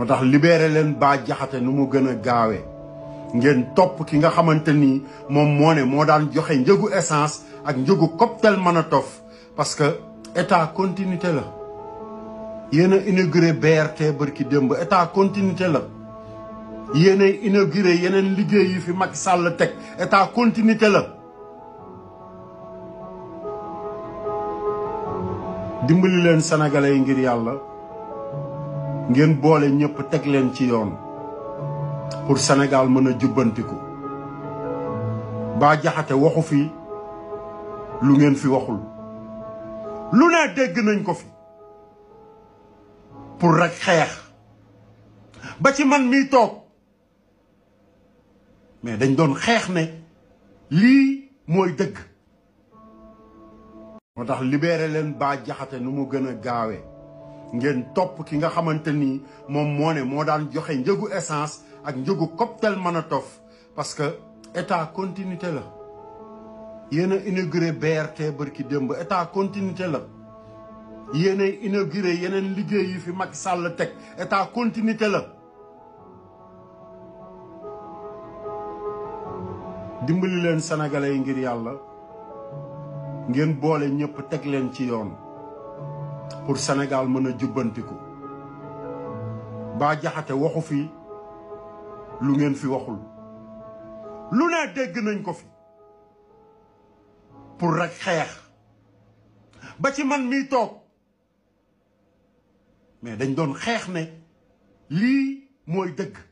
moo tax libéré leen baa Diakhaté nu mu gën a gaawee ngeen topp ki nga xamante ni moom moo ne moo daan joxe njëgu essence ak njëgu cocktail Molotov parce que état continuité la yéen a inauguré BRT bërki démb état continuité la yéen a inauguré yeneen liggéey yi fi mag sàll teg état continuité la dimbali leen sénégalais yi ngir yàlla ngeen boole ñëpp teg leen ci yoon pour senegal mën a jubbantiku Bah jaxate waxu fi lu ngeen fi waxul lu ne dégg nañ ko fi pour rek xeex ba ci man mii toog mais dañ doon xeex ne lii mooy dëgg moo tax libéré leen Bah jaxate nu mu gën a gaawe ngeen top ki nga xamanteni mom mo ne mo daan joxe njëgu essence ak njëgu cocktail manatof parce que état continuité la yene inaugurer BRT barki demb état continuité la yene inaugurer inauguré liguey yi fi Macky Sall tek état continuité la dimbali len sénégalais ngir yalla ngeen boole ñepp tek len ci yoon pour Sénégal mën a jubbantiku Bah Diakhaté waxu fi lu ngeen fi waxul lu ne dégg nañ ko fi pour rek xeex ba ci man mii toog mais dañ doon xeex ne lii mooy dëgg